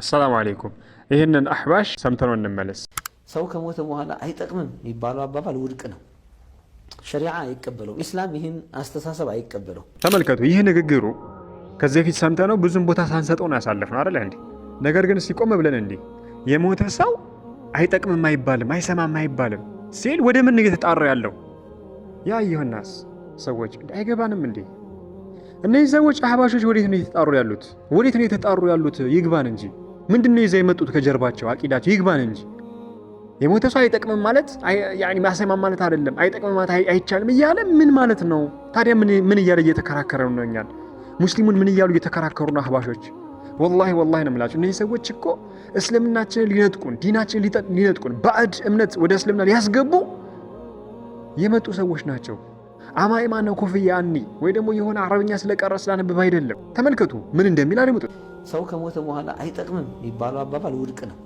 አሰላሙ አለይኩም። ይህንን አህባሽ ሰምተነው እንመለስ። ሰው ከሞተ በኋላ አይጠቅምም የሚባለው አባባል ውድቅ ነው። ሸሪዓ አይቀበለውም። ኢስላም ይህን አስተሳሰብ አይቀበለውም። ተመልከቱ፣ ይህ ንግግሩ ከዚህ በፊት ሰምተነው ብዙም ቦታ ሳንሰጠው ነው ያሳለፍነው አይደለ እንዴ? ነገር ግን ሲቆም ብለን እንዲህ የሞተ ሰው አይጠቅምም አይባልም፣ አይሰማም አይባልም ሲል ወደ ምን እየተጣራ ያለው ያ ይሆናስ ሰዎች አይገባንም እንዴ? እነዚህ ሰዎች አህባሾች ወዴት ነው የተጣሩ ያሉት? ወዴት ነው እየተጣሩ ያሉት? ይግባን እንጂ ምንድነው ይዘው የመጡት ከጀርባቸው? አቂዳቸው ይግባን እንጂ የሞተ ሰው አይጠቅምም ማለት ማሰማም ማለት አይደለም። አይጠቅምም ማለት አይቻልም እያለ ምን ማለት ነው ታዲያ? ምን እያለ እየተከራከረ ነው? እኛል ሙስሊሙን ምን እያሉ እየተከራከሩ ነው አህባሾች? ወላሂ ወላሂ ነው የምላቸው እነዚህ ሰዎች እኮ እስልምናችንን ሊነጥቁን፣ ዲናችንን ሊነጥቁን፣ ባዕድ እምነት ወደ እስልምና ሊያስገቡ የመጡ ሰዎች ናቸው። አማይማ ነው ኮፍያ አኒ ወይ ደግሞ የሆነ አረብኛ ስለቀረ ስላነብብ አይደለም። ተመልከቱ ምን እንደሚል አድምጡት። ሰው ከሞተ በኋላ አይጠቅምም የሚባለው አባባል ውድቅ ነው።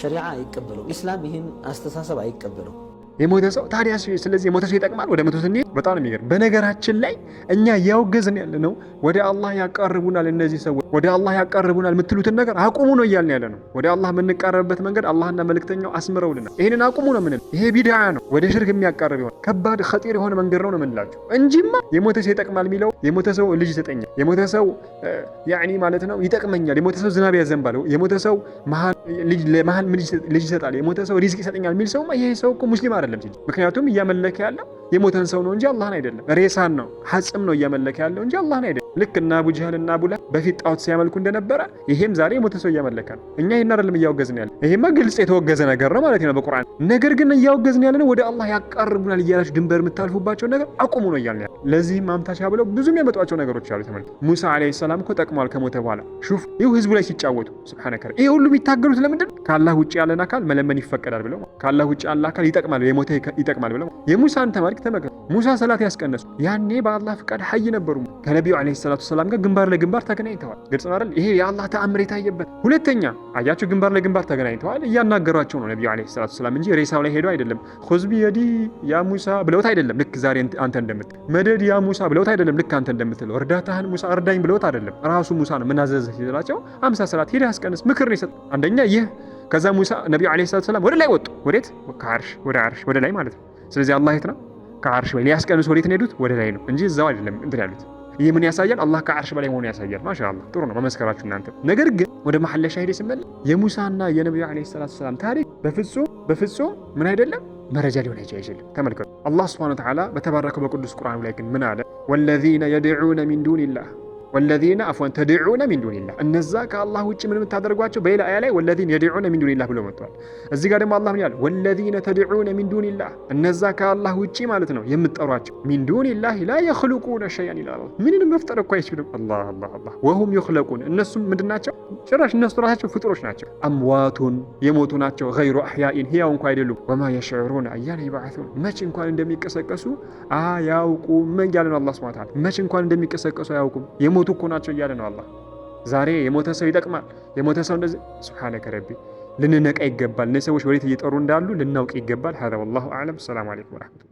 ሸሪዓ አይቀበለው፣ ኢስላም ይህን አስተሳሰብ አይቀበለው። የሞተ ሰው ታዲያ ስለዚህ የሞተ ሰው ይጠቅማል? ወደ መቶ ስንሄድ በጣም ነው የሚገርም። በነገራችን ላይ እኛ ያወገዝን ያለ ነው። ወደ አላህ ያቀርቡናል እነዚህ ሰዎች ወደ አላህ ያቀርቡናል የምትሉትን ነገር አቁሙ ነው እያልን ያለ ነው። ወደ አላህ የምንቃረብበት መንገድ አላህና መልእክተኛው አስምረውልናል። ይህንን አቁሙ ነው ምንል። ይሄ ቢድዓ ነው፣ ወደ ሽርክ የሚያቀርብ ይሆን ከባድ ኸጢር የሆነ መንገድ ነው ነው የምንላቸው እንጂማ የሞተ ሰው ይጠቅማል የሚለው የሞተ ሰው ልጅ ይሰጠኛል፣ የሞተ ሰው ያኒ ማለት ነው ይጠቅመኛል፣ የሞተ ሰው ዝናብ ያዘንባል፣ የሞተ ሰው መሀል ልጅ ለመሀል ልጅ ይሰጣል የሞተ ሰው ሪዝቅ ይሰጠኛል የሚል ሰው ይሄ ሰው እኮ ሙስሊም አይደለም ሲል ምክንያቱም እያመለከ ያለው የሞተን ሰው ነው እንጂ አላህን አይደለም። ሬሳን ነው ሀጽም ነው እያመለከ ያለው እንጂ አላህን አይደለም። ልክ እና አቡ ጀህል እና አቡ ለሀብ በፊት ጣዖት ሲያመልኩ እንደነበረ ይሄም ዛሬ የሞተ ሰው እያመለከ ነው። እኛ ይህን አይደለም እያወገዝን ያለ። ይሄማ ግልጽ የተወገዘ ነገር ነው ማለት ነው በቁርአን። ነገር ግን እያወገዝን ያለ ነው ወደ አላህ ያቀርቡናል እያላችሁ ድንበር የምታልፉባቸው ነገር አቁሙ ነው እያልን ያለ። ለዚህ ማምታቻ ብለው ብዙ የሚያመጧቸው ነገሮች አሉ። ተመልክ ሙሳ ዓለይሂ ሰላም እኮ ጠቅሟል ከሞተ በኋላ ሹፍ፣ ይሁ ህዝቡ ላይ ሲጫወቱ ስብሓነከ። ይሄ ሁሉ የሚታገሉት ለምንድን ከአላህ ውጭ ያለን አካል መለመን ይፈቀዳል ብለው ከአላህ ውጭ ያለ አካል ይጠቅማል የሞተ ይጠቅማል ብለው የሙሳን ተመልክ ተመልክ ሙሳ ሰላት ያስቀነሱ ያኔ በአላህ ፍቃድ ሀይ ነበሩ ከነቢዩ ዓለይሂ ሰላቱ ሰላም ጋር ግንባር ለግንባር ተገናኝተዋል። ግልጽ ነው አይደል? ይሄ የአላህ ተአምር የታየበት። ሁለተኛ አያቸው። ግንባር ለግንባር ተገናኝተዋል። እያናገሯቸው ነው ነቢዩ ዓለይሂ ሰላቱ ሰላም እንጂ ሬሳው ላይ ሄዱ አይደለም። ኹዝ የዲ ያ ሙሳ ብለውት አይደለም። ልክ ዛሬ አንተ እንደምት መደድ ያ ሙሳ ብለውት አይደለም። ልክ አንተ እንደምትለው እርዳታህን ሙሳ እርዳኝ ብለውት አይደለም። ራሱ ሙሳ ነው ምናዘዘ አዘዘህ ሲላቸው አምሳ ሰላት ሄደህ አስቀንስ ምክር ነው የሰጠ። አንደኛ ይህ ከዛ ሙሳ ነቢዩ ዓለይሂ ሰላቱ ሰላም ወደ ላይ ወጡ። ወዴት? ከዓርሽ ወደ አርሽ ወደ ላይ ማለት ነው። ስለዚህ አላህ የት ነው? ከዓርሽ ላይ ሊያስቀንሱ ወዴት ነው ሄዱት? ወደ ላይ ነው እንጂ እዛው አይደለም እንትን ያሉት ይህ ምን ያሳያል? አላህ ከአርሽ በላይ መሆኑ ያሳያል። ማሻአላህ ጥሩ ነው መመስከራችሁ እናንተ። ነገር ግን ወደ መሐለ ሻሂድ ስመል የሙሳና የነቢዩ ዓለይሂ ሰላቱ ሰላም ታሪክ በፍጹም በፍጹም ምን አይደለም መረጃ ሊሆን አይችልም። ተመልከቱ። አላህ ሱብሓነሁ ወተዓላ በተባረከው በቅዱስ ቁርአኑ ላይ ግን ምን አለ? ወለዚነ የድዑነ ሚን ዱኒላህ ወለዚነ አፍዋን ተድዑነ ሚን ዱኒላህ እነዛ ከአላህ ውጭ ምን የምታደርጓቸው በሌላ አያ ላይ ወለዚነ የድዑነ ሚን ዱኒላህ ብሎ መጥቷል። እዚህ ጋር ደግሞ አላህ ምን ይላል? ወለዚነ ተድዑነ ሚን ዱኒላህ እነዛ ከአላህ ውጭ ማለት ነው የምትጠሯቸው። ሚን ዱኒላህ ላ የኽልቁነ ሸይአን ይላል። ምንንም መፍጠር እኮ አይችሉም። አላህ አላህ አላህ ወሁም የኽለቁን እነሱም ምንድን ናቸው? ጭራሽ እነሱ ራሳቸው ፍጡሮች ናቸው። አምዋቱን የሞቱ ናቸው። ገይሩ አሕያኢን ሕያው እንኳ አይደሉም። ወማ የሽዕሩን አያነ ይባዓሱን መች እንኳን እንደሚቀሰቀሱ አያውቁም እያለን አላህ ሱብሓነሁ ወተዓላ መች እንኳን እንደሚቀሰቀሱ አያውቁም የሞቱ እኮ ናቸው እያለ ነው አላህ። ዛሬ የሞተ ሰው ይጠቅማል፣ የሞተ ሰው እንደዚህ። ሱብሓነከ ረቢ ልንነቃ ይገባል። እነዚህ ሰዎች ወዴት እየጠሩ እንዳሉ ልናውቅ ይገባል። ሀዛ ወላሁ አዕለም። ሰላሙ አለይኩም ወረሕመቱላህ